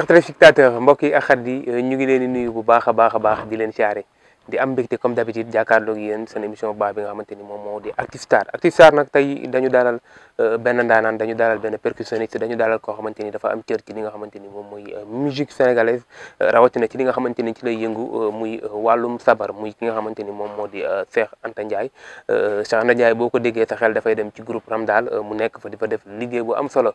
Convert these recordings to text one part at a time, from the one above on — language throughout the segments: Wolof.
chers téléspectateurs mbokk yi ak xarit yi euh, ñu ngi leen di nuyu bu baax a baax a baax di leen siyaare di am mbégte comme d'habitude jàkkaarloog yéen seen émission baax bi nga xamante ni moom moo di Active Star Active Star nag tey dañu dalal euh, benn ndaanaan dañu dalal benn percussionniste dañu dalal koo xamante ni dafa am cër ci li nga xamante ni moom mooy euh, musique sénégalaise euh, rawatina ci li nga xamante ni ci lay yëngu muy wàllum sabar muy ki nga xamante ni moom moo di Cheikh Anta Ndiaye Cheikh Anta Ndiaye boo ko déggee sa xel dafay dem ci groupe daal mu nekk fa di fa def liggéey bu am solo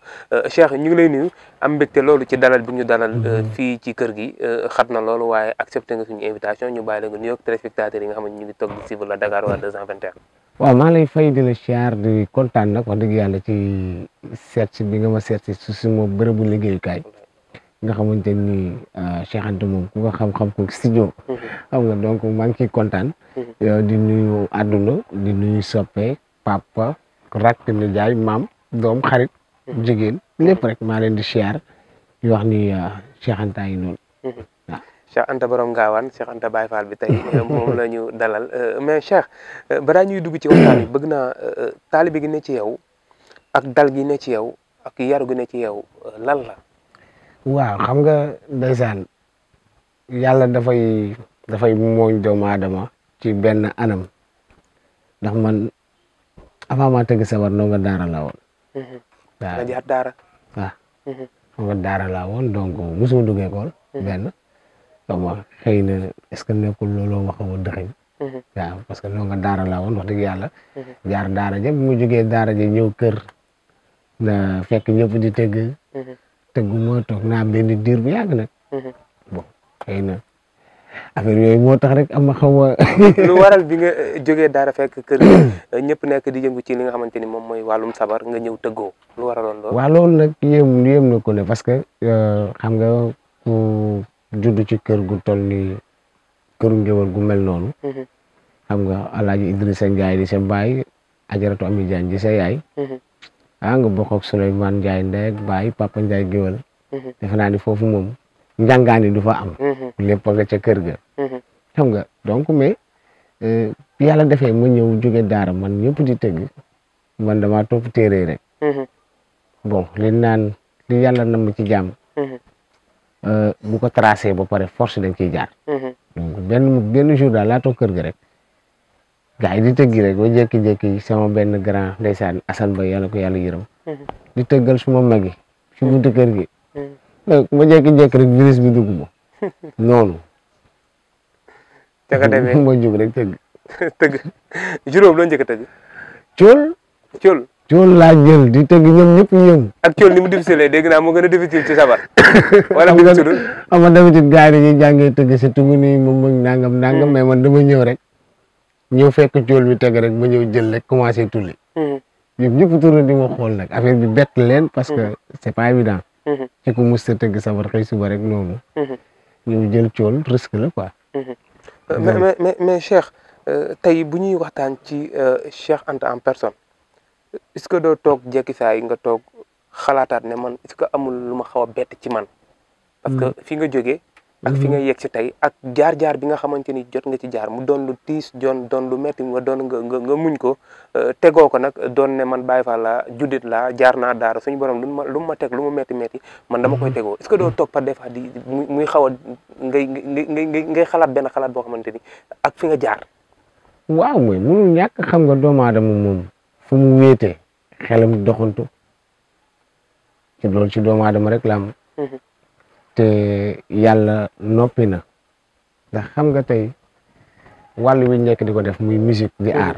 Cheikh ñu ngi lay nii am mbégte loolu ci dalal bi ñu dalal mm-hmm. fii ci kër gi xat na loolu waaye accepté nga invitation ñu bàyyi la nga téléspectateurs yi nga xam ne ñu ngi toog di suivre la Dakar waa 221. waaw maa lay fay di la siyaar di kontaan nag wax dëgg yàlla ci seet bi nga ma seet si suma bërëbu liggéeyukaay. nga xamante ni euh, Cheikh Anta moom ku ko xam-xam ko studio. Mm-hmm. xam nga donc maa ngi ciy mm-hmm. di nuyu àdduna di nuyu soppe papa rakk na jaay maam doom xarit. Mm-hmm. jigéen lépp rek maa leen di siyaar di wax ni euh, Cheikh Anta yi Cheikh Anta Borom Gaawaan Cheikh Anta Baye Fall bi tey moom la ñu dalal euh, mais Cheikh euh, balaa ñuy dugg ci waxtaan bi bëgg naa euh, gi ne ci yow ak dal gi ne ci yow ak yaru ne ci yow lan la. waaw xam nga ndeysaan yàlla dafay dafay mooñ doomu aadama ci benn anam ndax man avant maa tëgg sabar ndongo daara laa woon. Mhm. waaw jaar daara. waaw mhm. daara laa woon donc mosuma dugg école mhm. benn. xaw ma xëy na est ce que nekkul looloo ma xaw a dëxëñ waaw parce que ndonga daara laa woon wax dëgg yàlla mm-hmm. jaar daara ja bi mu jógee daara ja ñëw kër na fekk ñëpp di tëgg mm-hmm. tëggu moo toog naa benn diir bu yàgg nag mm-hmm. bon xëy na affaire yooyu moo tax rek am xaw lu waral bi nga jógee daara fekk kër ñëpp nekk di yëngu ci li nga xamante ni moom mooy wàllum sabar nga ñëw tëggoo lu waraloon lool waaw loolu nag yéem yéem na ko ne parce que euh, xam nga judd ci kër gu toll ni këru ngéwal gu mel noonu. Mm-hmm. xam nga Alaaji Idrissa Ndiaye di sa baay ajaratu Ami Diagne di sa yaay. Mm-hmm. ah nga bokk ak Souleymane Ndiaye ndey ak baay Papa Ndiaye mm-hmm. foofu moom njàngaani du fa am. lépp nga ca kër ga. xam nga donc mais euh, yàlla defee ma ñëw jóge daara man ñëpp di tëgg man damaa topp rek. bon li naan li ci jàmm. Euh, bu ko tracé ba pare force dañ ciy jaar. Mhm. donc benn benn jour daal laa gi rek gars yi di tëggi rek ba jékki sama benn grand ndeysaan Assane ba yàlla ko yàlla yërëm. Mhm. di tëggal suma magi ci mhm. buntu kër euh, ma rek virus bi dugg ma noonu. jaka demee ma jóg rek tëgg. tëgg juróom loo njëkk cool laa jël di teg ñoom ñëpp yéen. ak cool ni mu difficile dégg naa moo gën a difficile ci sabar. wala mu tudd xam nga d'habitude gars yi dañuy jàngee tëgg si tugu nii moom mooy nangam nangam. Mm. mais man dama ñëw rek ñëw fekk cool bi teg rek ma ñëw jël rek commencé tulli. Mm. ñoom ñëpp tourné di xool nag affaire bi bett leen. parce que mm-hmm. c'est pas évident. ci mm-hmm. ku mus a tëgg sabar xëy suba rek noonu. Mm-hmm. ñëw jël cool risque la quoi. mais mais mais Cheikh euh, tey bu ñuy waxtaan ci euh, Cheikh Anta en personne. est-ce que doo toog jekki saa yi nga toog xalaataat ne man est que amul lu ma xaw a bett ci man. parce que hmm. fii nga jóge ak fi nga hmm. yegg si tey ak jaar-jaar bi nga xamante ni jot nga ci jaar mu doon lu tiis doon doon lu metti nga doon nga nga nga muñ ko euh, tegoo ko nag doon ne man Baye Fall laa juddit laa jaar naa daara suñu borom lu ma lu ma teg lu mu metti metti man dama koy hmm. tegoo est que doo toog par des di muy xaw a ngay ngay ngay xalaat benn xalaat boo xamante ni ak fi nga jaar. waaw mooy mënul ñàkk xam nga doomu aadama moom fu mu wéete xelam doxantu ci loolu ci doomu aadama rek la mhm. te yàlla noppi na ndax xam nga tey wàllu wi nekk di ko def mu musique di mhm. aar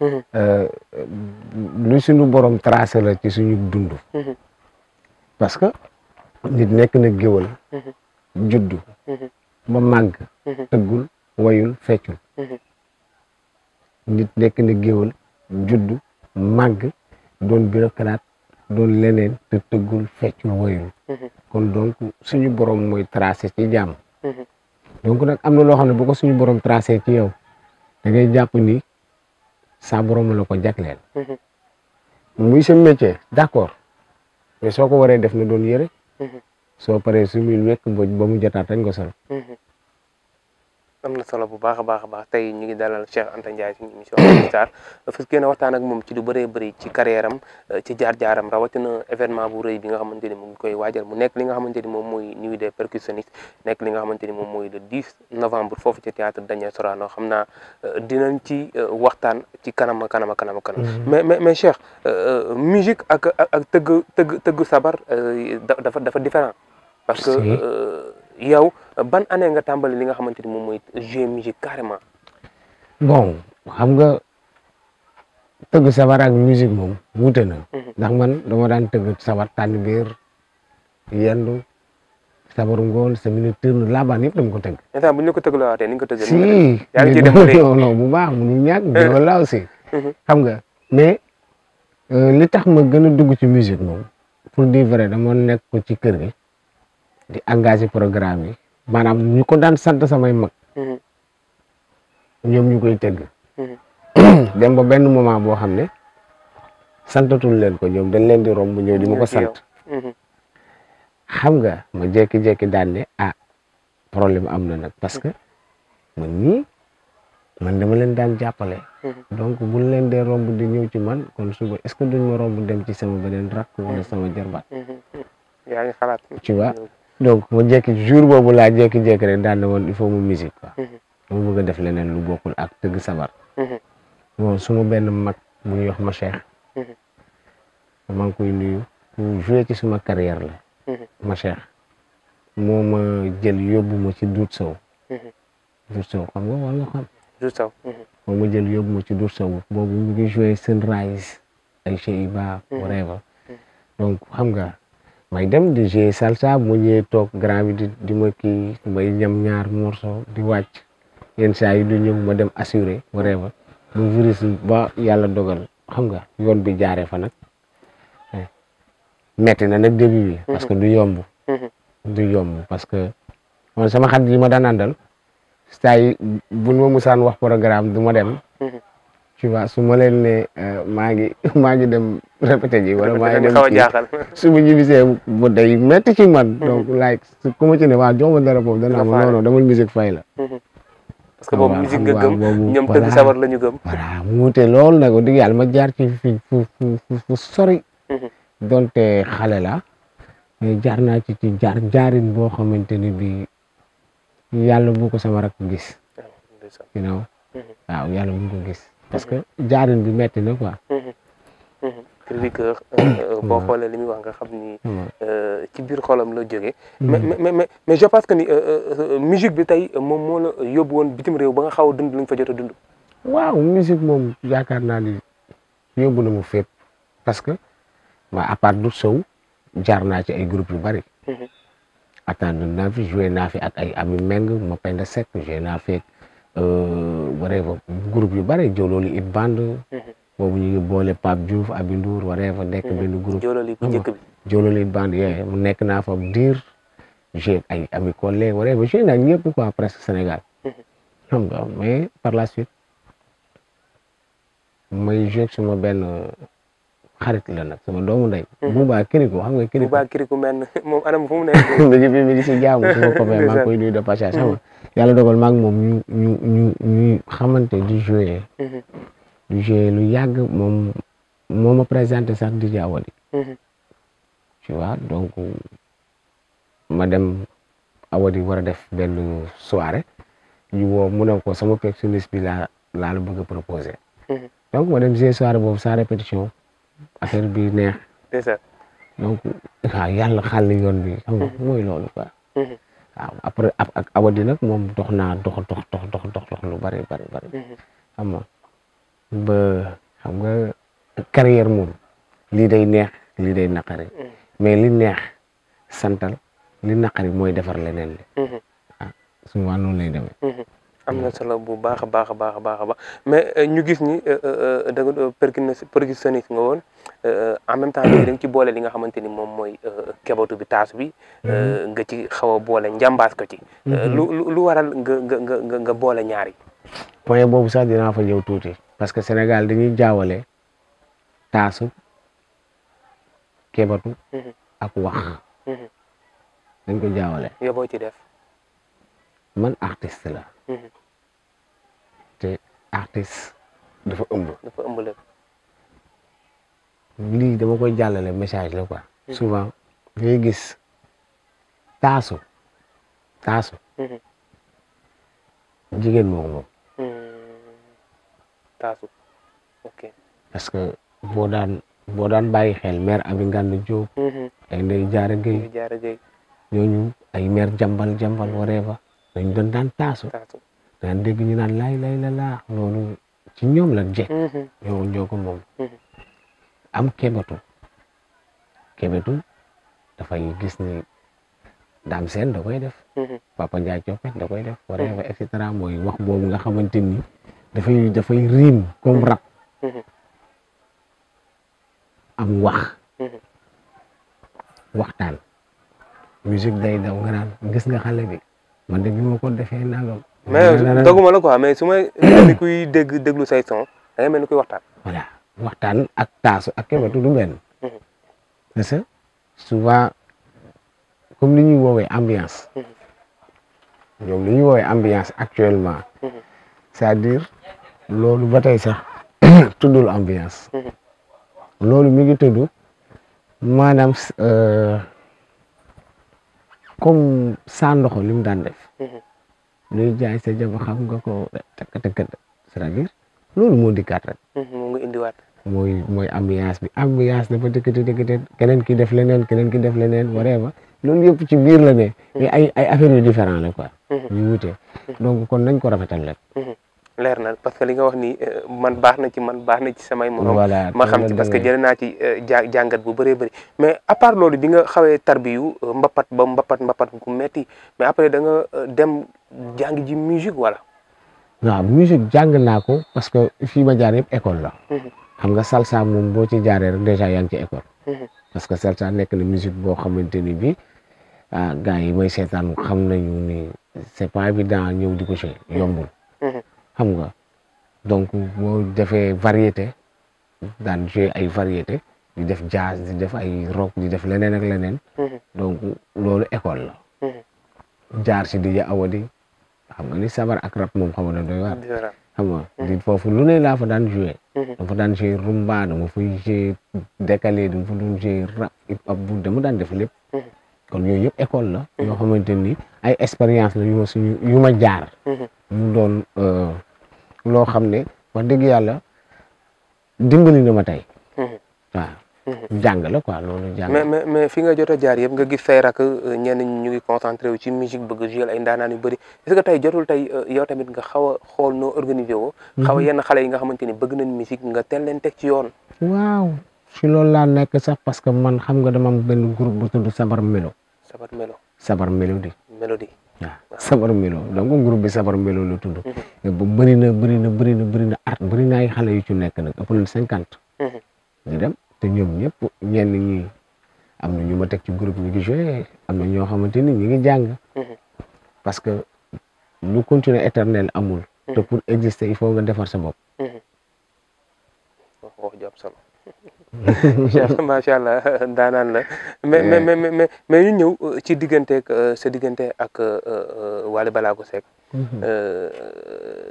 mhm. Euh, lu suñu borom tracé la ci suñu dund parce que nit nekk na géwal juddu ba màgg tëggul wayul feccul nit nekk na géwal juddu màgg doon bureaucrate doon leneen te tëggul feccul woyul mhm. kon donc suñu borom mooy tracé ci jàmm mhm. donc nag am na loo xam ne bu ko suñu borom trase ci yow da jàpp ni sa borom la ko jagleel mhm. muy sa métier d'accord mais soo ko waree def na doon yëre soo paree su muy wekk ba mu jotaat rek nga sol am na solo bu baax a baax baax tey ñu ngi dalal Cheikh Anta Ndiaye suñu émission Adji Sarr fas yéene waxtaan ak moom ci lu bëree bëri ci carrière am euh, ci jaar-jaaram rawatina événement bu rëy bi nga xamante ni mu ngi koy waajal mu nekk li nga xamante ni moom mooy nuit nekk li nga xamante ni moom mooy le 10 novembre foofu ci théâtre Daniel Sorano xam naa euh, dinañ ci euh, waxtaan ci kanama kanama kanama kanam mm-hmm. mais mais mais Cheikh musique ak ak tëgg tëgg tëgg sabar dafa dafa différent parce que yow ban année nga tàmbali li nga xamante ni moom mooy jouer musique carrément. bon xam nga tëgg sabar ak musique moom wuute na. Mhm. ndax man dama daan tëgg sabar tànn biir yendu sabar ngoon sa minute tërn laabaan yëpp dama ko tëgg. instant bu ñu ko teg la waatee ni ñu ko tëgg. si yaa ngi baax mënuñ ñàkk loolu la aussi. Mhm. xam nga mais euh, li tax ma gën a dugg ci musique moom pour dire vrai dama nekk ko ci kër gi di engagé programme yi manam ñu ko daan sant samay mag. ñom ñukoy tegg dem ba benn moment bo xamne ne santatul leen ko ñom dañ leen di romb ñew di ma ko sant. Mm-hmm. xam nga ma jekki jekki daan ne ah problème am na nag parce que man ni man dama leen daan jappalé mm-hmm. donc bu leen dee romb di ñew ci man kon suba est ce que duñ ma romb dem ci sama benen rak wala sama jarbat mm-hmm. ya ngi xalat ci wa donc ma jekki jour boobu laa jékki-jékki daan daal na woon il faut mu musique quoi. mu mhm. bëgg a def leneen lu bokkul ak tëgg sabar. Mhm. bon suma benn mag bu ñuy wax ma Cheikh. Mhm. maa ngi koy nuyu mu joué ci suma carrière la. ma Cheikh moo ma jël yóbbu ma ci Doudou Sow. Doudou Sow xam nga wala xam. Doudou Sow. moo ma jël yóbbu ci Doudou Sow boobu ñu ngi joué Sunrise ay donc xam nga. may dem di jouer salsa bu ma ñëwee toog grand bi di di ma kii may ñam ñaar morceau di wàcc yenn saay yi du ñëw ma dem assuré whatever mu virus ba yàlla dogal xam nga yoon bi jaaree fa nag eh. metti na nag début bi. parce que mhm. du yomb. Mhm. du yomb parce que man sama xarit yi ma daan àndal saa yi buñ ma musaan wax programme du ma dem. Mhm. su ma ne eh, maa dem répété ji wala maa ngi dem xaw a jaaxal su ma ñibbisee mu day métti ci man. Mm-hmm. donc like ku ma ci ne waa jox ma dara boobu danaa ma non non damal musique fay la. Mm-hmm. parce que boobu musique nga gëm ñoom tëgg sabar la ñu gëm. voilà mu wute loolu nag dëgg yàlla ma jaar ci fu fu fu sori. Mm-hmm. donte xale la. jar naa ci ci jaar jaarin boo xamante ni bi yàlla bu ko sama rak gis. you know waaw bu ko gis. parce que jaarin bi métti na quoi. Crèvecoeur euh, mm. euh, boo mm. xoolee li muy wax nga xam ni mm. euh, ci biir xolam la jógee mais mais mais je pense que ni musique bi tey moom moo la yóbbu woon bitim réew ba nga xaw a dund lañ fa jot a dund waaw musique moom yaakaar naa ni yóbbu na mu fépp parce que ma à part du sow jaar naa ci ay groupe yu bari attendre naa fi joué naa fi ak ay Ami Meng ma Penda Seck naa fi ak bref groupe yu bari it band mm-hmm. boobu ñu ngi boole Pape Diouf Aby Ndour waree fa nekk mm-hmm. benn groupe joololin band mu nekk naa fa diir j'ai ay a collègue waree fa joué naa ñëpp quoi presque Sénégal mm-hmm. xam nga par la suite may joué suma benn xarit la nag sama doomu ndey mm-hmm. Bouba Kiriko Kiriko moom anam fu mu nekk mi mi ngi si jaamu suma copain maa ngi koy nuyu de passage xam nga yàlla moom ñu ñu ñu ñu xamante di joué lu yàgg moom moo ma présenté sax DJ Awadi mm-hmm. donc ma dem Awadi war a def benn soirée ñu woo mu ne ko sama percussionniste bi laa laa la bëgg a proposé mm-hmm. donc ma dem joué soirée boobu sans répétition affaire bi neex c'est ça donc waaw yàlla yoon bi xam nga mm-hmm. ak Awadi nag moom dox naa dox dox dox dox dox lu bari bari bari xam nga ba xam nga carrière moom lii day neex lii day naqari mm-hmm. mais li neex santal li naqari mooy defar leneen li mm-hmm. ah souvent noonu lay demee mm-hmm. am na solo bu baax a baax a baax a baax a baax mais euh, ñu gis ni euh, euh, da nga percussionniste nga woon en même temps léegi da ci boole li nga xamante ni moom mooy kebatu bi taasu bi nga ci xaw a boole njàmbaas ko ci lu lu waral nga boole ñaar yi point boobu sax dinaa fa ñëw tuuti parce que senegal Sénégal dañuy jaawale taasu kebatu mm-hmm. ak wax mm-hmm. dañ ko jaawale yóbboo ci def man artiste la mm-hmm. te artiste dafa ëmb dafa ëmb lépp lii dama koy jàllale message la quoi souvent ngay gis taasu taasu jigéen moom moom taasu parce que boo daan boo daan bàyyi xel maire Abi Ngande Diop. Mm-hmm. ay Ndeye Diarra Gueye ñooñu ay maire jambal jambal waree ba dañ doon daan taasu daan dégg ñu naan laay laay la laa loolu ci ñoom la jekk ñoo mm-hmm. ñoo ko mm-hmm. am kebetu kebetu dafay gis ni daam seen da def papa Ndiaye Coppe da def waree ba mooy wax boobu nga xamante ni dafay dafay riim comme rab mm-hmm. am wax mm-hmm. waxtaan musique day daw nga naan gis nga xale bi man de bi ma ko defee nangam mais doguma la quoi mais su may mel ni déglu say son a ngay mel ni kuy waxtaan voilà waxtaan ak taasu ak kebetu du benn parce mm-hmm. que souvent comme li ñuy woowee ambiance ñoom li ñuy woowee ambiance actuellement c'est-à-dire loolu ba tey sax tuddul ambiance mm-hmm. loolu mi ngi tudd maanaam euh, comme sandoxo li mu daan def mm-hmm. luy jaay sa jaba xam nga ko takk takk c'est-à-dire loolu moo dikkaat rek mm-hmm, ambiance bi ambiance dafa ki def ki def whatever loolu yëpp ci biir la ne ay ay affaires yu différent la quoi ñu wutee donc kon nañ ko rafetal rek leer na parce que li nga wax ni euh, man baax na ci man baax na ci samay morom ma xam ci parce que jëlee naa ci euh, jàngat bu bëree bëri mais à part loolu bi nga xawee tarbiyu euh, mbapat ba mbapat mbapat gu metti mais après da nga dem jàng ji musique wala waaw musique jàng naa ko parce que fii ma jaar yëpp école la mhm. xam nga salsa moom boo ci jaaree rek déjà yaa ci école mhm. parce que salsa nekk na musique boo xamante ni bi ah gars yi may seetaan xam nañu ni c'est pas évident ñëw di ko jouer yombul mhm. xam nga donc boo defee variété daan jouer ay varieté di def jazz di def ay rock di def leneen ak leneen. Mhm. donc loolu école la. Mhm. jaar si DJ Awadi xam nga ni sabar ak rap moom xam nga doy waar. xam nga mhm. di foofu lu ne laa fa daan jouer. dama fa daan jouer rumba dama fa décalé dama fa doon bu dama daan def lépp. kon yooyu yëpp école la. yoo xamante ni ay expérience la yu ma suñu ma jaar. mu doon. Euh, loo xam ne ma dégg yàlla dimbali na ma tey. Mm-hmm. waaw. Mm-hmm. jàng la ko loolu jàng. mais mais mais fi nga jot a jaar yëpp nga gis say rakk euh, ñenn ñu ngi concentré wu ci musique bëgg jël ay ndaanaan yu bëri est ce que tey jotul tey euh, yow tamit nga xaw a xool noo organisé woo. Mm-hmm. xaw a yenn xale yi nga xamante ni bëgg nañ musique nga teel leen teg ci yoon. waaw si loolu nekk sax parce que man xam nga dama am benn group bu tudd Sabar Melo. Sabar Melo. Sabar Mélodie. Mélodie. waaw sabar melo donc groupe bi sabar melo la tudd. Mhm. ba bëri na bëri na bëri na bëri na art bëri na ay xale yu ci nekk nag ëpp na cinquante. Mhm. ñu dem te ñoom ñëpp ñenn ñi am na ñu ma teg ci groupe ñu ngi am na ñoo xamante ni ñu ngi jàng. Mhm. parce que lu continuer éternel amul. te pour exister il faut nga defar sa bopp. wax macha allah daanaan la eh. mais mais mais mais ñu ñëw euh, ci digganteeg euh, sa diggante ak euh, Wally Ballago Seck mhm.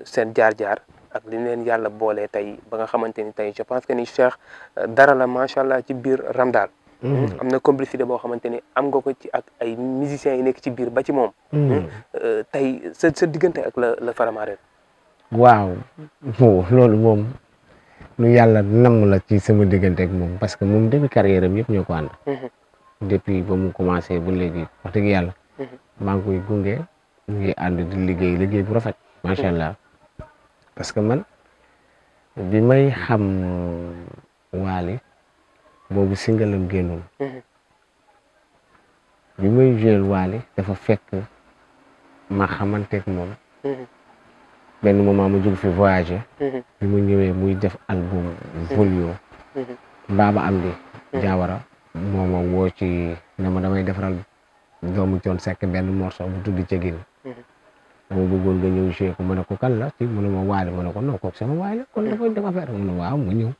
seen jaar-jaar ak li leen yàlla boole tey ba nga xamante ni tey je pense que ni Cheikh dara la macha allah ci biir ram daal mhm. am na complicité boo xamante ni am nga ko ci ak ay musiciens yi nekk ci biir ba ci moom mhm. tey sa sa diggante ak la la Faramareen waaw moom lu yàlla namm la ci sama diggante ak moom parce que moom début carrière am yëpp ñoo ko ànd. Mm-hmm. depuis ba mu commencé ba léegi wax dëgg yàlla. Mm-hmm. maa ngi gunge mu ngi ànd di liggéey liggéey bu rafet. macha mm-hmm. allah parce que man bi may xam waali boobu singalam génnoon. bi may jël waali dafa fekk ma xamanteeg moom. benn moment mu jóg fi voyager mhm. bi mu ñëwee muy def album Volio mhm. mhm. Baba Amdi Diawara moom moom woo ci ne ma damay defaral doomu toon Seck benn morceau bu tudd Cégin dama bëggoon nga ñëw joué ko ma ne ko kan la mu ne ma waale ma ne ko non kooku sama waay la kon dafay def affaire mu ne waaw mu ñëw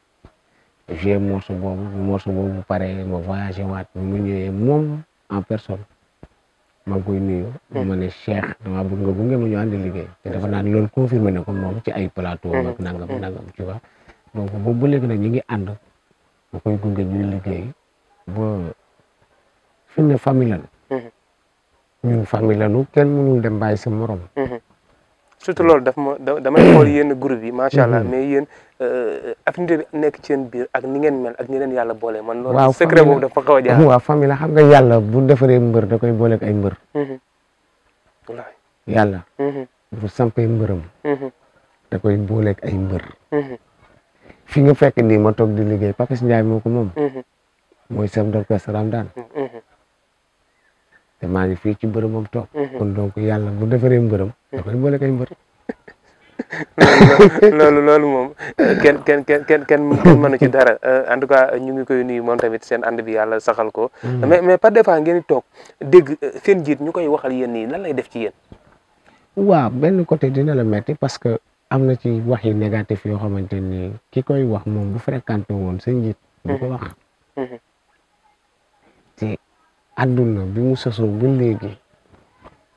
joué morceau boobu morceau boobu bu paree ma voyagé mu ñëwee moom en personne maa ngi koy nuyu. Hmm. ma ne Cheikh damaa bëgg nga gunge ma ñu ànd liggéey. Hmm. te dafa naan loolu confirmé na ko moom ci ay plateau. Hmm. ak nangam nangam tu vois. donc boobu ba léegi nag ñu ngi ànd. ma koy gunge ñuy liggéey. ba fi ne famille la. ñun famille la ñu kenn mënul dem bàyyi sa morom. surtout loolu daf ma damay xool yenn groupe yi macha allah mhm. mais yéen euh, affinité bi nekk ci seen biir ak ni ngeen mel ak ni leen yàlla boole man loolu secret boobu dafa xaw a jaar waaw famille la xam nga yàlla bu defaree mbër da koy booleeg ay mbër mhm. wallaahi yàlla bu mhm. sampee mbëram da koy booleeg ay mbër fi nga fekk nii ma toog di liggéey Papis Ndiaye moo ko moom mooy chef d'orchestre Ramadan te maa ngi fi ci mbërëmam tok mhm. kon donc yalla bu defaree mbërëm. da koy bolé kay mbër. lolu lolu mom ken ken ken ken ken mënu ci dara euh, en tout cas ñu ngi koy nuyu moom tamit seen and bi yalla saxal ko. Mm. mais mais pas des ngeen tok toog dégg euh, seen jitt ñu waxal yeen ni lan lay def ci yeen wa ben côté dina la metti parce que amna ci wax yi négatif yo xamanteni ni ki koy wax moom bu fréquenté won seen jitt bu ko mhm. wax. Mhm. àdduna bi mu sosoo ba léegi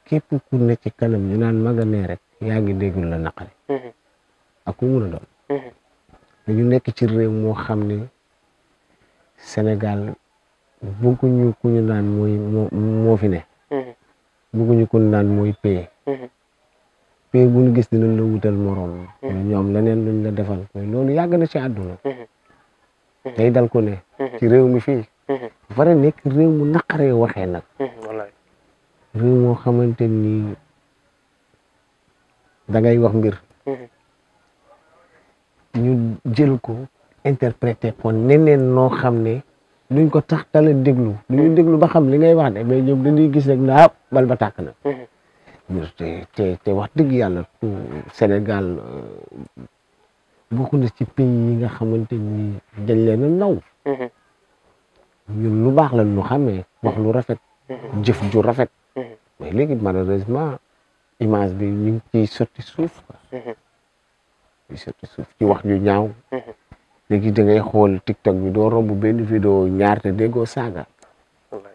képp ku nekk ci kanam ñu naan maga nee rek yaa ngi déggul la naqari mm-hmm. ak ku mun a doon mm-hmm. nekk ci réew moo xam ne senegal bëgguñu ku ñu naan mooy moo fi ne mm-hmm. bëgguñu ku ñu naan mooy paye paye bu ñu gis la wutal moroom ñoom leneen luñ la defal loolu yàgg na ci àdduna day dal ko ne ci réew mi fii war a nekk réew mu naqaree waxee nag. wallaay réew moo xamante ni da ngay wax mbir. ñu jël ko interpréter ko neneen noo xam ne duñ ko tax tala déglu. duñu déglu ba xam li ngay wax ne mais ñoom dañuy gis rek naa ah, bal ba tàkk na. te te te wax dëgg yàlla Sénégal euh, bokk na ci pays yi nga xamante ni dañ leen naw. ñun lu baax la lu xamee wax lu rafet mm-hmm. jëf ju rafet mm-hmm. mais léegi malheureusement image bi ñu ngi ciy sotti suuf mm-hmm. sotti suuf ci wax ju ñaaw léegi da ngay xool tiktok bi doo romb benn vidéo ñaar te déggoo saaga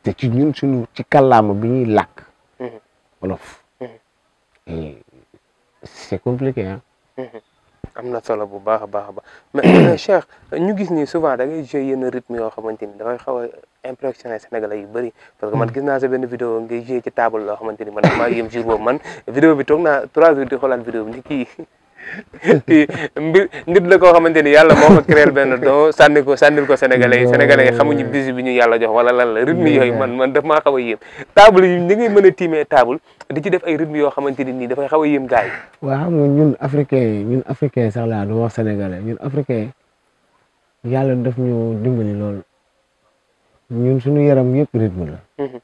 te ci ñun suñu ci kàllaama bi ñuy làkk wolof c'est compliqué ah am na solo bu baax a baax a baax mais Cheikh ñu gis ni souvent da ngay joué yenn rythme yoo xamante ni dafay xaw a impressionné sénégalais yu bëri parce que man mm. gis naa sa benn vidéo ngay joué ci table loo xamante ni man maa yëm jour boobu man vidéo bi toog naa trois jours di xoolaat bi ni kii mbir nit la koo xamante ni yàlla moo ko créer benn don sànni ko sànnil ko sénégalais yi sénégalais yi bi ñu yàlla jox wala la rythme yooyu man man daf maa xaw a yéem table yi ni ngay mën a tiimee table di ci def ay rythme yoo xamante ni nii dafay xaw a yéem gars yi xam nga ñun africain yi ñun africa sax laa du wax sénégalais ñun africain yàlla def ñu dimbali loolu ñun suñu yaram yëpp rythme la mm-hmm.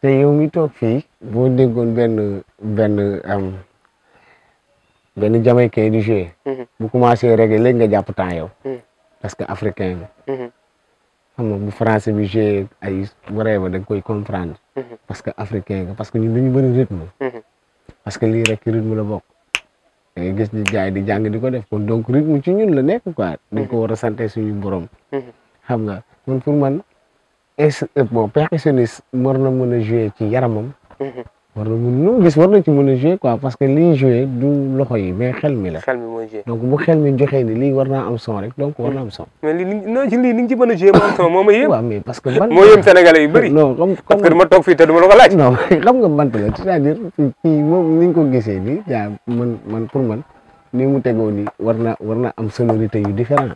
te yow mi toog fii boo déggoon benn benn benn jamaïcain di joué. Mhm. bu commencé rek léegi nga jàpp temps yow. Mhm. parce que africain bi. Mhm. xam bu français bi joué ay waree ba da nga koy comprendre. parce que africain nga parce que ñun dañu bëri rythme. parce que lii rek rythme la bokk. da ngay gis ni gars yi di di ko def kon donc rythme ci ñun la nekk quoi. dañ ko war a sant suñu borom. xam nga man pour man est bon percussionniste war na mën a joué ci yaramam. war na mun noo gis war na ci mën a jouer quoi parce que liy jouer du loxo yi mais mi la. xel mi mooy jouer donc bu xel mi joxee ni lii war am son rek donc war na am son. mais li non ci lii ni nga ci mën a jouer a duma la ko laaj. non xam nga bant la cest moom ni ko gisee nii yaa man man pour man ni mu tegoo nii war na war na am sonorité yu différent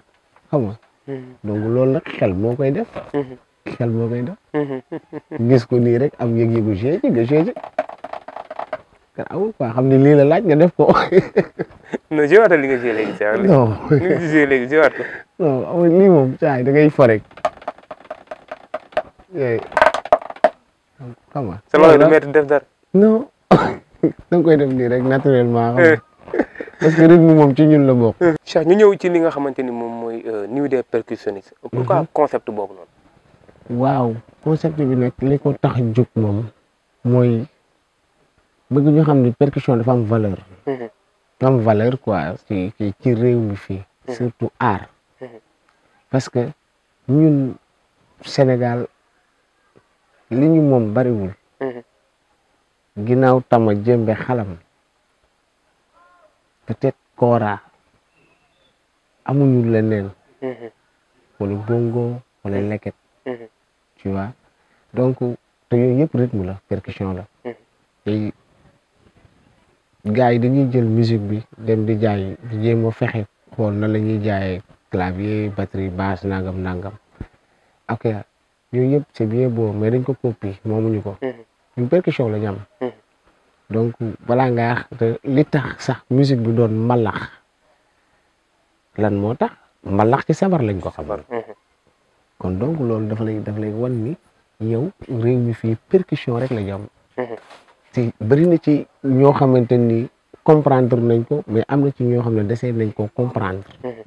xam nga. Hmm. donc loolu nag xel moo koy def. Hmm. xel moo koy mhm. gis ko nii rek am yëg-yëgu géej gi nga géej nga amul quoi xam ne lii la laaj nga def ko. non jéewaatal li nga jiyee léegi saa yi. non li nga jiyee léegi jéewaat yi da ngay fo rek. xam nga. sama la du métti def dara. non da nga koy def nii rek naturellement. xam nga eh. parce que rythme moom ci ñun la bokk. Cheikh ñu ñëw ci li nga xamante ni moom mooy euh, Nuit des percussionnistes. Mhm. pourquoi concept boobu noonu. waaw concept bi nag li ko tax jóg moom mooy bëgg ñu xam ne percussion dafa am valeur. Mhm. dafa am valeur quoi ci ci réew mi fii. Mhm. surtout art. Mhm. parce que ñun senegal li ñu moom bariwul. ginnaaw tama jëmbe xalam peut-être kora amuñu leneen. wala bongo wala leket. tu vois donc te yooyu yëpp rythme la percussion la. Hmm. te gars yi dañuy jël musique bi dem di jaay di jéem a fexe xool na la ñuy jaayee clavier batterie basse nangam nangam ok yooyu yëpp c'est bien beau mais dañ ko copie moomuñu ko. Hmm. ñu percussion la ñu am. Hmm. donc balaa nga li tax sax musique bi doon mbalax lan moo tax mbalax ci sabar lañ ko xabar kon donc loolu dafa lay dafa wan ni yow réew mi fii percussion rek la ñu am. ci bëri na ci ñoo xamante ni comprendre nañ ko mais am na ci ñoo xam ne dese nañ ko comprendre. Mm-hmm.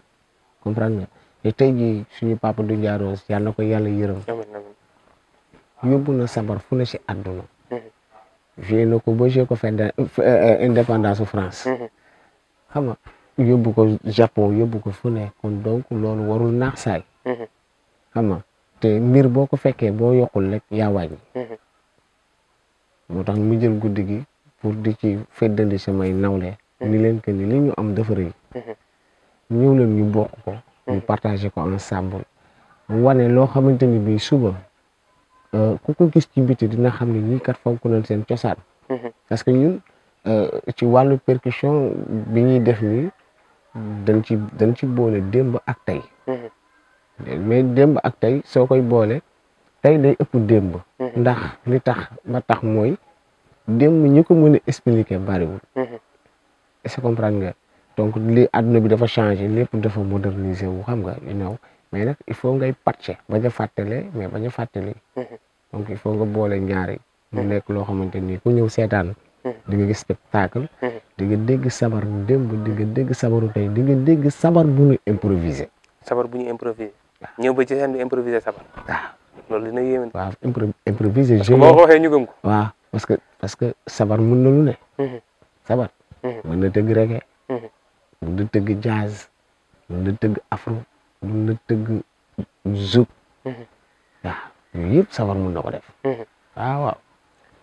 comprendre nga tey jii suñu papa du jaaroos yàlla na ko yàlla yërëm. yóbbu na sabar fu si ci àdduna. Mm-hmm. na ko ba joué ko fenn euh, euh, indépendance France. Mm-hmm. xam nga yóbbu ko Japon yóbbu ko fu ne kon donc loolu warul naax saay. xam te mbir boo ko fekkee boo yokkul rek yaa wàññi mm-hmm. moo tax mu jël guddi gi pour di ci feddali samay nawle ni mm-hmm. leen que ni li ñu am dafa rëy mm-hmm. ñëw leen ñu bokk ko ñu partagé ko ensemble wane loo xamante ni bii suba euh, ku ko gis ci biti dina xam ne ñii kat fonk nañ seen cosaan parce que euh, ci wàllu percussion bi ñuy def nii dañ ci dañ ci boole démb ak tey mais démb ak tey soo koy boole tey day ëpp démb. Mm-hmm. ndax li tax ba tax mooy démb ñi ko mën a expliquer bariwul. Mm-hmm. est-ce comprendre nga donc li àdduna bi dafa changé lépp dafa moderniser wu xam nga you know mais nag il faut ngay patché bañ a fàttale mais bañ a fàttali. Mm-hmm. donc il faut nga boole ñaari. mu nekk loo xamante ni ku ñëw seetaan. di nga gis spectacle. di nga dégg sabar démb di nga dégg sabaru tey di nga dégg sabar bu ñu improviser. sabar bu ñu ñëw ba ci seen bi improviser sabar. waaw loolu dina yéeme. waaw improviser. ñu gëm ko. parce que parce que sabar mën na lu ne. Mhm. sabar. Mhm. mën tëgg reggae. Mhm. mën tëgg jazz. mën tëgg afro. mën tëgg zouk. waaw yëpp sabar mën na ko def. Ah, waaw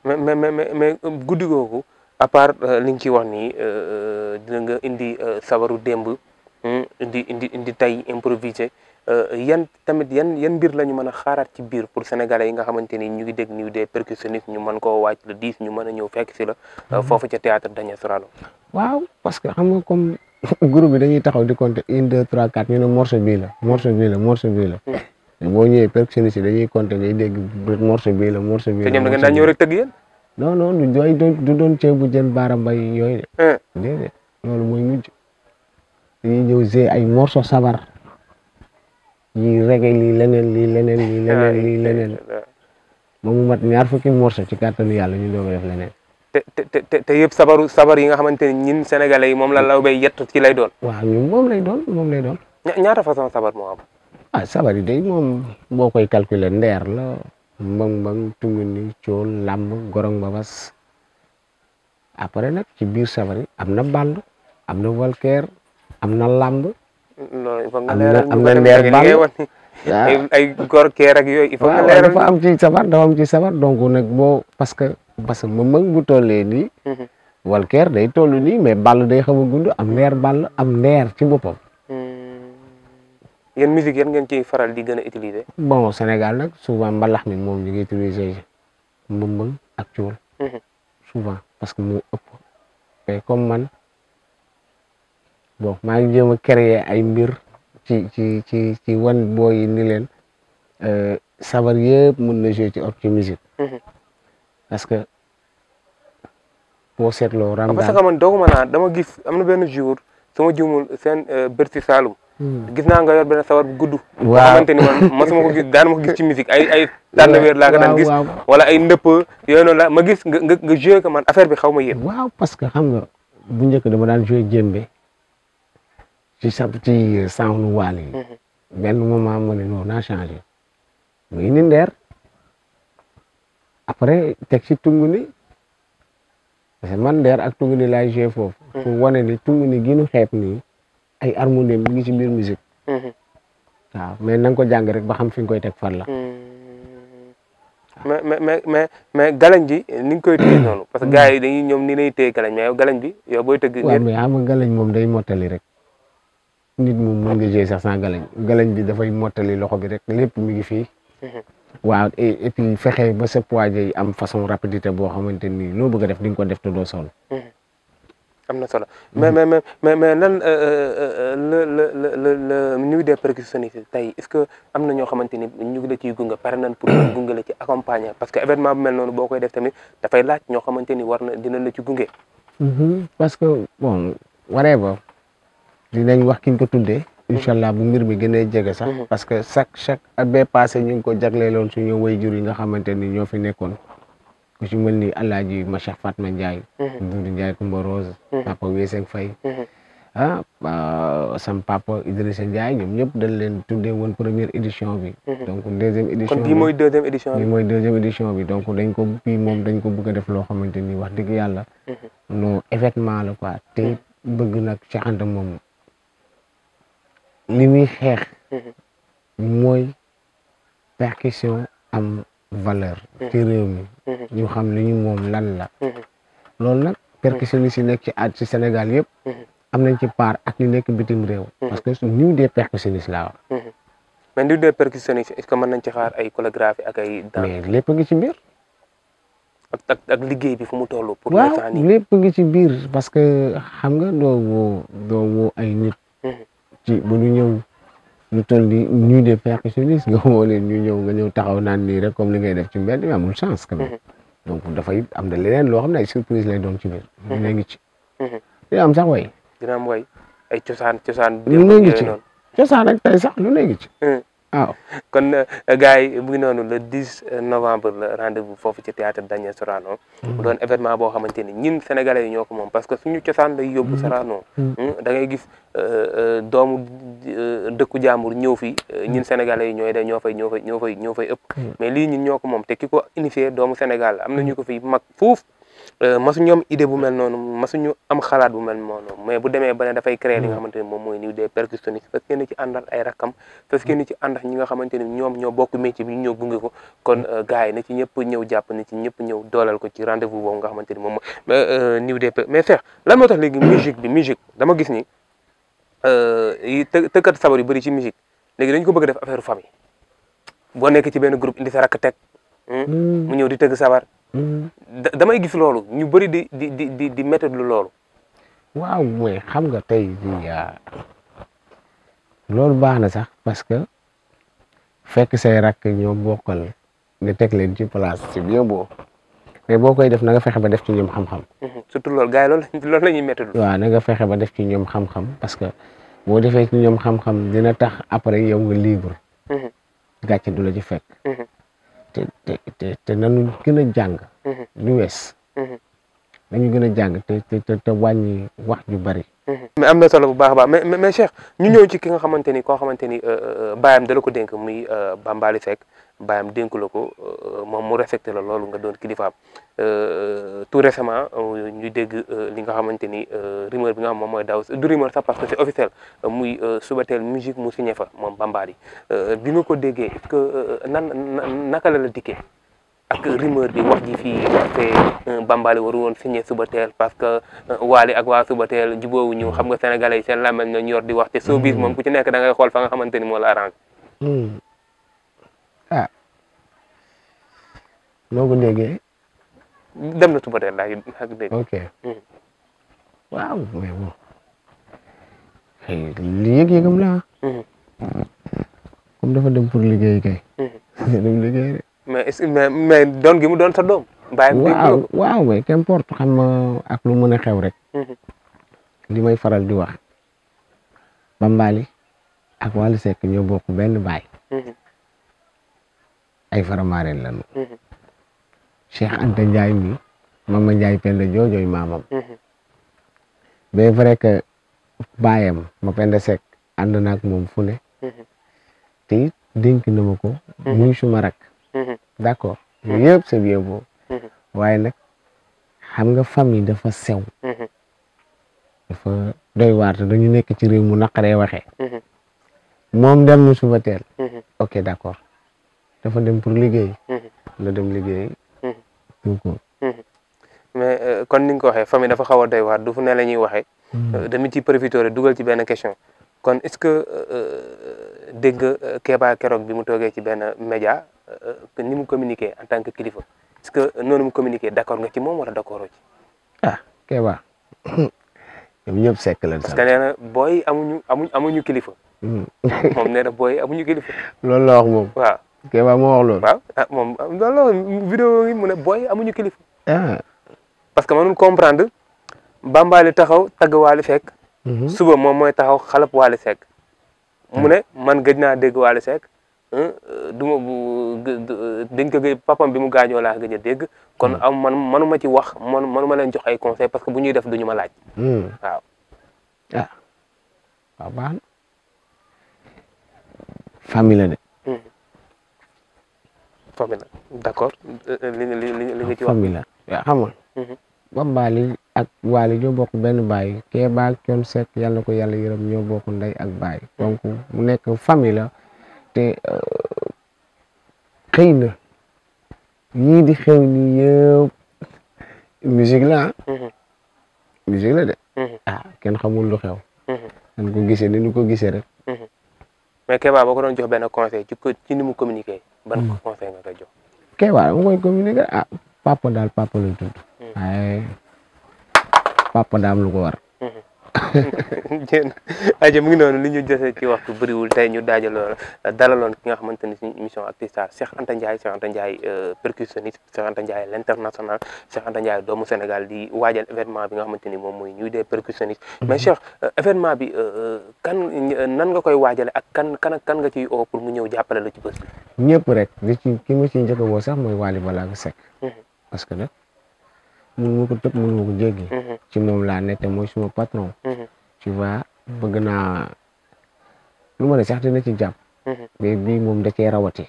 mais mais guddi googu à part euh, li nga ci nii euh, euh, dina nga indi sabaru démb hmm, indi indi indi tey improviser. Eh, yan tamit yan yan bir lañu mëna xaarat ci bir pour sénégalais yi nga xamanteni ñu ngi dégg nii des percussionnistes ñu mën ko wacc le 10 ñu mëna ñëw fekk ci la. Mhm. fofu ci théâtre dañé Sorano. waaw parce que xam nga comme groupe bi dañuy taxaw di compter 1 2 3 4 ñu ne morceau bi la morceau bi la morceau bi la. Hmm. bo ñëwee percussionnistes dañuy compter ngay dégg morceau bi la morceau bi la. ñam nga da ñëw rek tegg yeen non non du doy du doon ci bu jël baram bay yoy de. Hmm. déedéet loolu mooy mujj dañuy ñëw ay morceau sabar lii reggae lii leneen lii leneen lii ah, leneen lii leneen ba mu mat ñaar fukki morceau ci kàttanu yàlla ñu doog a def leneen te te te te yëpp sabaru sabar yi nga xamante ni ñun sénégalais yi moom la mm. law bay yettu ci lay doon waaw ñun moom lay doon moom lay doon ñaata façon sabar moo a ah day moom boo koy calculer ndeer la mbang mbang tunguni cool làmb gorong babas après nag ci biir sabar yi am na bànd am na walkeer am na làmb non am na leer bal ay góor keer ak yooyu. il am ci sabar dafa am ci sabar donc nag boo parce que parce que mën bu tollee nii. Mhm. walkeer day toll nii mais ball day xaw a gund am leer ball am leer ci boppam. Hmm. yan musique yan ngeen ciy faral di gën a utiliser. bon Sénégal nag souvent mbalax mi moom ñu ngi utiliser mbëng ak cuul. Mhm. souvent parce que moo comme man. bon maa ngi jéem a créer ay mbir ci ci ci ci wan booy ni leen euh, sabar yëpp mën na jouer ci or ci musique mhm. parce que boo seetloo Ramadane ah, parce que man dooguma naa dama gis am na benn jour sama jumul seen euh, Berti Saloum hmm. gis naa nga yor benn sabar bu gudd waaw xamante ni man masuma ko gis daan ma ko gis ci musique ay ay tàndaweer laa ko daan gis wala ay ndëpp yooyu noonu ma gis nga nga nga joué ko man affaire bi xaw ma yéen waaw parce que xam nga bu njëkk dama daan joué jémbe ci sa ci sound waal yi mm-hmm. benn moment ma ne non naa changé mu indi ndeer après teg ci tunguni parce que man der ak tunguni laay joué foofu mm-hmm. pour wane ni tunguni gi nu xeeb nii ay harmonie mi ngi ci biir musique mm-hmm. waaw mais na nga ko jàng rek ba xam fi nga koy teg fan la mais mais mais mais galañ ji ni nga koy téye noonu parce que yi dañuy ñoom ni lay téye galañ mais yow galañ bi yow booy tëgg waaw mais xam moom day mottali rek nit moom mën nga jouer sax sans galañ galañ bi dafay mottali loxo rek lépp mi ngi fii mhm. waaw et puis fexe ba sa poids am façon rapidité boo xamante ni loo bëgg a def di nga ko def te doo sonn mhm. am na solo mais mais mais mais lan euh, euh, euh, la le le le nuit des percussionnistes tey que am na ñoo xamante ni ñu ngi la ciy gunge pare nañ pour gunge la ci accompagner parce que événement bu mel noonu boo koy def tamit dafay laaj ñoo ni war na dina la ci gunge. Mhm. parce que bon waree ba dinañ wax kiñ ko tuddee. Mhm. incha allah bu mbir mi gën a jege sax. Mhm. parce que chaque chaque at bee passé ñu ngi ko jagleeloon suñu wayjur yi nga xamante ni ñoo fi nekkoon ku ci mel ni El Hadji ma Cheikh Fatma Ndiaye. Doudou mhm. Ndiaye Coumba Rose. papa Weeseng Faye. ah sam papa Idrissa Ndiaye ñoom ñëpp dañ leen tuddee woon première édition bi. donc deuxième édition bi kon bii mooy deuxième édition bi. bii mooy deuxième bi donc dañ ko bii moom dañ ko bëgg a def loo xamante ni wax dëgg yàlla. non événement la quoi te bëgg nag Cheikh moom. li muy xeex mhm. mooy percussion am valeur mhm. ci réew mi mhm. ñu xam li ñu moom lan la loolu nag percussionniste yi nekk ci at ci Sénégal yëpp am nañ ci part ak ñu nekk bitim réew parce que ñu des percussionnistes laa wax mais ñu des percussionnistes est que mën nañ ci xaar ay chorégraphie ak ay danse mais lépp ngi ci biir ak liggéey bi fu mu toll pour waaw lépp ngi ci biir parce que xam nga doo woo doo woo ay nit ci ba ñu ñëw lu toll ni ñu des percussionnistes nga woo leen ñu ñëw ñëw taxaw naan nii rek comme li ngay def ci mbedd mi amul chance quand même mm-hmm. donc dafay am na leneen loo xam ne ay surprise lay doon ci biir mm-hmm. dina ngi ci mm-hmm. dina am sax way dina am ne ngi ci cosaan ak lu ne ngi waaw kon euh, gars yi mu ngi noonu le 10 euh, novembre la rendez-vous foofu ci théâtre Daniel Sorano mm-hmm. mu doon événement boo xamante ni ñun sénégalais yi ñoo ko moom parce que suñu cosaan lay yóbbu mm-hmm. Sorano mm-hmm. Hmm, da ngay gis euh, doomu dëkku jàmbur ñëw fi ñun sénégalais yi ñooy de ñoo fay ñëw fay ñoo fay ñoo ëpp mais lii ñun ñoo ko moom te ki ko initié doomu Sénégal am na ñu ko fi mag fuuf Euh, masu ñoom idée bu mel noonu masuñu am xalaat bu mel noonu mais bu demee ba ne dafay créer li nga hmm. xamante ni moom mooy nii des percussionnistes fas kenn ci ànd ak ay rakkam que kenn ci ànd ñi nga xamante ni ñoom ñoo bokk métier bi ñu ñëw gunge ko kon hmm. euh, gars yi na ci ñëpp ñëw jàpp na ci ñëpp ñëw doolal ko ci rendez-vous boobu nga xamante ni moom mooy euh, nii des mais feex lan moo tax léegi musique bi musique dama gis ni të tëkkat sabar yu bëri ci musique léegi dañ ko bëgg def affaire famille boo nekk ci benn groupe indi sa rakk teg hmm, mu ñëw di tëgg sabar damay gis loolu ñu bëri di di di di di lu loolu. waaw mooy xam nga tey jii ah, loolu baax na sax parce que fekk say rakk ñoo bokkal nga teg leen ci place c'est bien beau mais boo koy def na nga fexe ba def ci ñoom xam-xam. Mm-hmm. surtout loolu gars yi loolu loolu ñuy méthode. waaw na nga fexe ba def ci ñoom xam parce que boo defee ci ñoom xam-xam dina tax après yow nga libre. Mm-hmm. gàcce du la ci fekk. Mm-hmm. te te te nañu gën a jàng. Mm-hmm. lu wees. Mm-hmm. nañu gën a jàng te te te wàññi wax ju bari. Mm-hmm. mais am na solo bu ba a baax mais mais Cheikh ñu ñëw ci ki nga xamante ni koo xamante ni euh, euh, euh, baayam dala ko dénk muy Bambaly Seck bàyyam dénk la ko euh, moom mu respecté la loolu nga doon kilifaam euh, tout récemment euh, ñu dégg li nga xamante ni rumeur bi nga xam moom mooy daw du rumeur sax parce que c'est officiel muy Subatel musique mu signé fa moom bambaali bi nga ko déggee nan naka la la dikkee ak rumeur bi wax ji fii te Bambali waru woon signé Subatel parce que Waly ak waa Subatel jubóowuñu xam nga sénégalais yi seen làmmiñ la ñu yor di wax te showbiz moom ku ci nekk da xool fa nga xamante ni moo la ah noo ko déggee. dem na Touba Denda yi ok hmm. waaw mais bon li la hmm. comme dafa dem pour liggéey kay. Hmm. dem liggéey de. mais est-ce que mu doon sa doom. bàyyi waaw waaw mais qu'importe xam nga ak lu mën a xew rek. li may faral di wax. Bambaali ak Wally Seck ñoo bokk benn baay. ay faramaareen lañu. Mhm. Cheikh Anta Ndiaye mi Mama Ndiaye Penda joojooy maamam. mais mhm. vrai que baayam ma Penda Seck ànd naag moom fu ne. Mhm. te it dénk na ma ko. muy suma rak. d' accord yëpp waaye nag xam nga famille dafa sew. dafa doy waar te dañu nekk ci réew mu naqaree waxee. moom dem na suba teel. ok d' dafa dem pour liggéey. Mm-hmm. la dem liggéey. Mm-hmm. Euh, mm-hmm. mais kon euh, ni nga ko waxee famille dafa xaw a doy waar du fu ne la ñuy waxee. Euh, dama ciy profité rek dugal ci benn question kon est-ce que dégg nga Keba keroog bi mu toogee ci benn média ni mu communiqué en tant que kilifa est-ce que noonu mu communiqué d'accord nga ci moom wala d'accordoo ci. ah Keba ñoom ñëpp sekk lañ. parce que nee booy amuñu amuñu amuñu kilifa. moom moom ok waaw moo wax loolu waaw ah moom loolu vidéo yi mu ne booy amuñu kilifa ya. parce que mënul comprendre bambaali taxaw tagg waali fekk mhm. suba moom mooy taxaw xalab waali fekk mu hmm. ne man gëj deg dégg waali fekk du ma dañ ko gëj papam bi mu gaañoo laa gëj a dégg kon hmm. am man manuma ci wax man manuma leen jox ay conseil parce que bu def duñu laaj hmm. waaw ya. ah waaw famille la de famille la d' accord euh, li li la waaw xam nga. Mhm. ak Waly ñoo bokk benn baay kee baag coon sekk yàlla ko yàlla yërëm ñoo bokk ndey ak baay donc mu nekk famille te euh, xëy na ñii di xew nii yëpp la ah. mhm. musique la de. Mhm. ah kenn xamul lu xew. dañ ko gisee ni ñu ko gisee rek. mais Kéba boo ko doon jox benn conseil ci ci ni mu communiquer. ban hmm. conseil nga koy jox. Kéba bu koy communiquer ah papa daal papa la tudd. Hmm. waaye papa daam lu ko war. jéen aja mu ngi noonu li ñu jëse ci waxtu bëriwul tey ñu daajaloon dalaloon ki nga xamante ni suñu émission Actu Star Cheikh Anta Ndiaye Cheikh Anta Ndiaye euh, percussionniste Cheikh Anta Ndiaye l'international Cheikh Anta Ndiaye doomu Sénégal di waajal événement bi nga xamante ni moom mooy ñuy dee percussionniste mhm. mais Cheikh euh, événement bi euh, kan nan nga koy waajale ak kan kan kan nga ciy oo pour mu ñëw jàppale la ci bés ñëpp rek li ci ki ma ciy njëkk a woo sax mooy Wally Ballago Seck mhm. parce mënu ma ko tëb mënu ma ko jéggi mhm. ci moom laa nekk mooy suma patron mhm. tu vois bëgg naa lu ma ne sax dina ci jàpp mhm. mais bii moom da cee rawati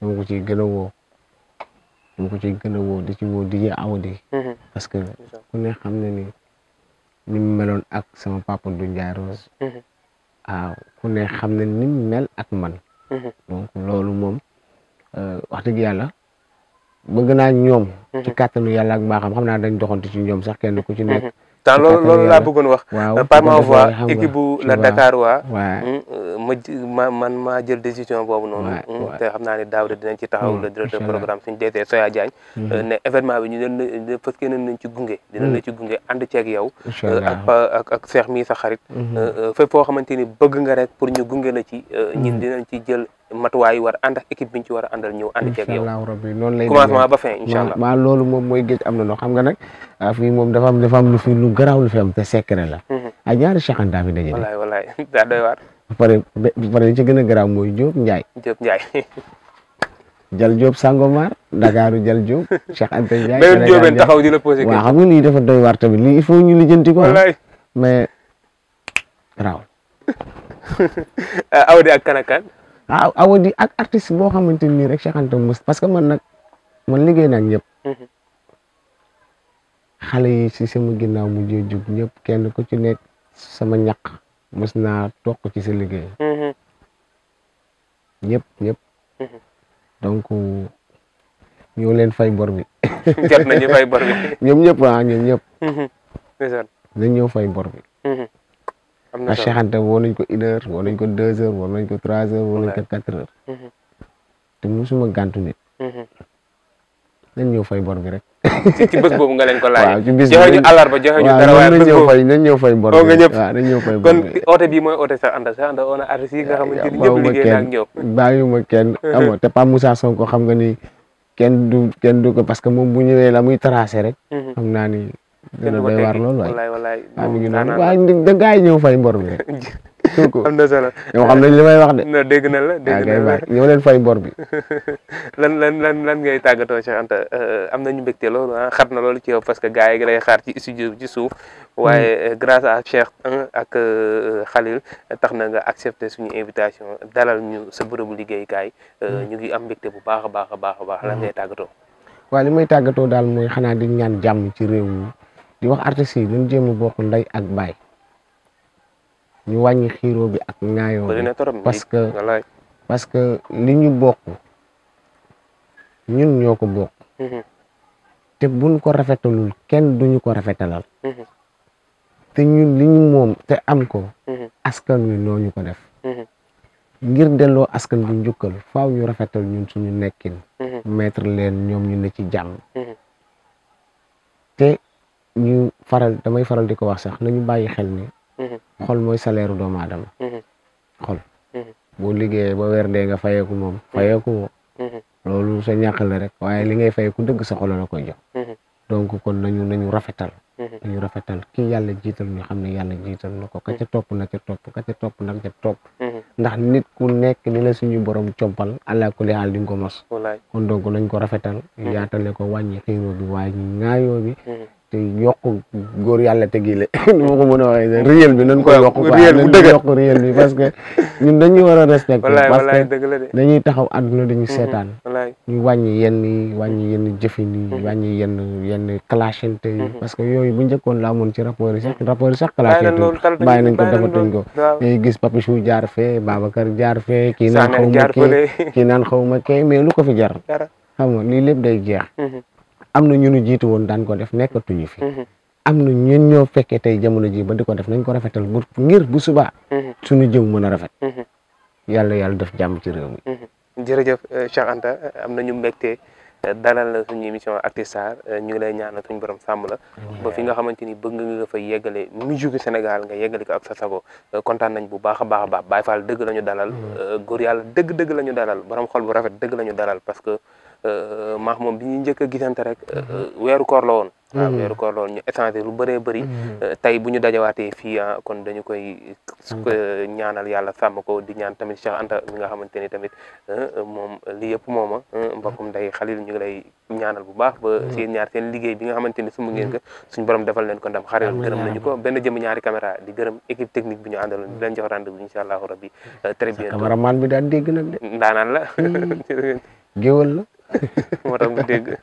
dama ko ciy gën a woo dama ko ciy gën a woo da ci woo di awdi parce que ku ne xam ne ni ni mu meloon ak sama papa du Ndiaye Rose waaw ku ne xam ne ni mel ak man donc loolu moom euh, wax dëgg yàlla bëgg naa ñoom. Mhm. ci kàttanu yàlla ak baaxam xam naa dañ doxante ci ñoom sax kenn ku ci nekk. Mhm. temps loolu loolu laa bëggoon wax. par ma voix équipe la Dakar waa. Hmm, euh, ma man maa jël décision boobu noonu. Hmm, te xam naa ne daaw dinañ ci taxaw hmm, le directeur programme suñu a Soya Diagne. Euh, ne événement bi ñu doon a yéene nañ ci gunge. dinañ la ci gunge ànd ceeg yow. Euh, ak ak ak Cheikh mii sa xarit. fépp foo xamante ni bëgg nga rek pour ñu gunge la ci. ñun dinañ ci jël. matuwaay yi war a ànd ak bi ñu ci war a àndal ñëw yow rabbi noonu lay ba fin incha loolu moom mooy géej am na loo xam nga nag ah, fii moom dafa am dafa am lu fi lu garaaw lu fi am te secret la mhm. a ah, ñaari Cheikh Anta bi daje wallaay wallaay daa doy waar ba pare ba pare li ci gën a garaaw mooy Diop Ndiaye Diop Ndiaye Jal Diop Sangomar Dagaaru Jal Diop Cheikh Anta Ndiaye benn Diop taxaw di la posé waaw xam nga lii dafa doy waar tamit lii il faut ñu lijjanti ko mais garaaw awde ah, ak kan ak kan a awa di ak artiste boo xamante nii rek Cheikh Anta Moussa parce que man nag man liggéey naa ñëpp. Mhm. yi si sama ginnaaw mu jee jug ñëpp kenn ku ci nekk sama ñaq mos naa toq ci sa liggéey. Mhm. ñëpp ñëpp. Mhm. donc ñoo leen fay bor bi. jot nañu fay bor bi. ñoom ñëpp ah ñoom ñëw fay bor bi. am na ah, Cheikh Anta woo nañ ko une heure woo nañ ko deux heures woo nañ ko trois heures woo nañ ko quatre heures. Mm-hmm. te mosuma gàntu nit. Mm-hmm. nañ ñëw fay bor bi rek. ci bés boobu nga leen ko laaj. waaw ci bis joxe ñu àllarba joxe ñu dara waaye. nañ ñëw fay nañ ñëw fay bor bi rek waaw nañ ñëw fay bor bi kon oote bii mooy oote Cheikh Anta Cheikh Anta oo na artiste yi nga ah, xamante ni ñëpp liggéey na ak ñoom. bàyyiwuma kenn amoo te Pape Moussa Sonko xam nga ni kenn du kenn du ko parce que moom bu ñëwee la muy tracé rek. Mm-hmm. xam naa ni dina doy waar lool waay wallaay wallaay gaa yi ñëw fay mbor bi tuuku am ñoo xam nañ li may wax de dégg na la dégg na la ñëw bi lan lan lan lan ngay tàggatoo Cheikh Anta euh, am nañu mbégte ah, xat na loolu ci yow parce que gars yi lay xaar ci studio bi ci suuf hmm. waaye euh, grâce à Cheikh ak euh, Khalil tax na nga accepté suñu invitation dalal ñu sa bërëbu liggéeykaay hmm. ñu ngi am mbégte bu baax a baax a baax baax lan hmm. ngay tàggatoo waaw li may tàggatoo daal mooy xanaa di ñaan jàmm ci rew mi di wax artistes yi dañu jéem a bokk ndey ak baay ñu wàññi xiiroo bi ak ñaayoo bi parce que parce que li ñu bokk ñun ñoo ko bokk mhm. te buñ ko rafetalul kenn duñu ko rafetalal mhm. te ñun li ñu moom te am ko mhm. askan wi noo ñu ko def ngir delloo askan bi njukkal faw ñu rafetal ñun suñu nekkin mettre leen ñoom ñu ne ci jàmm te ñu faral damay faral di ko wax sax nañu bàyyi xel ni mhm. xol mooy salaire doomu aadama mhm. xol mhm. boo liggéeye ba weer dee nga fayeeku moom fayeeku woo loolu sa ñàkk la rek waaye li ngay fayeeku dëgg sa xol la koy jox donc kon nañu nañu rafetal nañu rafetal kii yàlla jiital ñu xam ne yàlla jiital na ko topp na topp ka ca topp nag ca ndax nit ku nekk ni la suñu borom compal àlla ku leexal di nga ko kon donc nañ ko rafetal yaatale te yokk góor yàlla tegile nu ma ko mën a waxee réel bi nañ ko yokk réel bu dëgg yokk réel bi parce que ñun dañuy war a respecté parce que dañuy taxaw àdduna dañu mhm, seetaan ñu wàññi yenn yi wàññi yenn jëfin yi mhm. wàññi yenn yenn clashante yi mhm. parce que yooyu bu njëkkoon la amoon ci rapport yi sax rapport yi sax clashante bàyyi nañ ko defatuñ ko ngay gis Papichou jaar fee Babacar jaar fee kii naan xaw ma kii naan xaw ma kii mais ko fi jar xam nga lii lépp day jeex am na ñu nu jiitu woon daan ko def nekkatuñu fi. Mhm. am na ñun ñoo fekkee tey jamono ji ba di ko def nañ ko rafetal bu ngir bu subaa. Mhm. suñu jëm mën a rafet. Mhm. yàlla yàlla def jàmm ci réew mi. jërëjëf euh, Cheikh Anta euh, am na ñu mbégte euh, dalal la suñu émission Actu Star ñu ngi lay ñaan suñu borom sàmm la. ba fi nga xamante ni bëgg nga fa yeggale musique Sénégal nga yeggale ko ak sa sago kontaan nañ bu baax a baax a baax Baye Fall dëgg la ñu dalal. Mm. góor yàlla dëgg dëgg la ñu dalal borom xol bu rafet dëgg la ñu Euh, maax moom bi ñuy njëkk a gisante rek euh, mhm. euh, weeru koor la woon waaw mhm. ah, weeru koor la woon ñu échangé lu bëree bëri mhm. tey bu ñu waatee fii ah, kon dañu koy ñaanal yàlla sàmm ko di ñaan tamit Cheikh Anta mi nga xamante ni tamit moom li yëpp mooma ah, mbokkum day xalil ñu ngi lay ñaanal bu baax ba seen ñaar seen liggéey bi nga xamante ni sumb ngeen ko suñu borom defal leen ko ndam xaral gërëm nañu ko benn jëm ñaari caméra di gërëm équipe technique bi ñu àndaloon di leen jox rendez-vous incha allahu rabbi très bi daan la moo tax mu dégg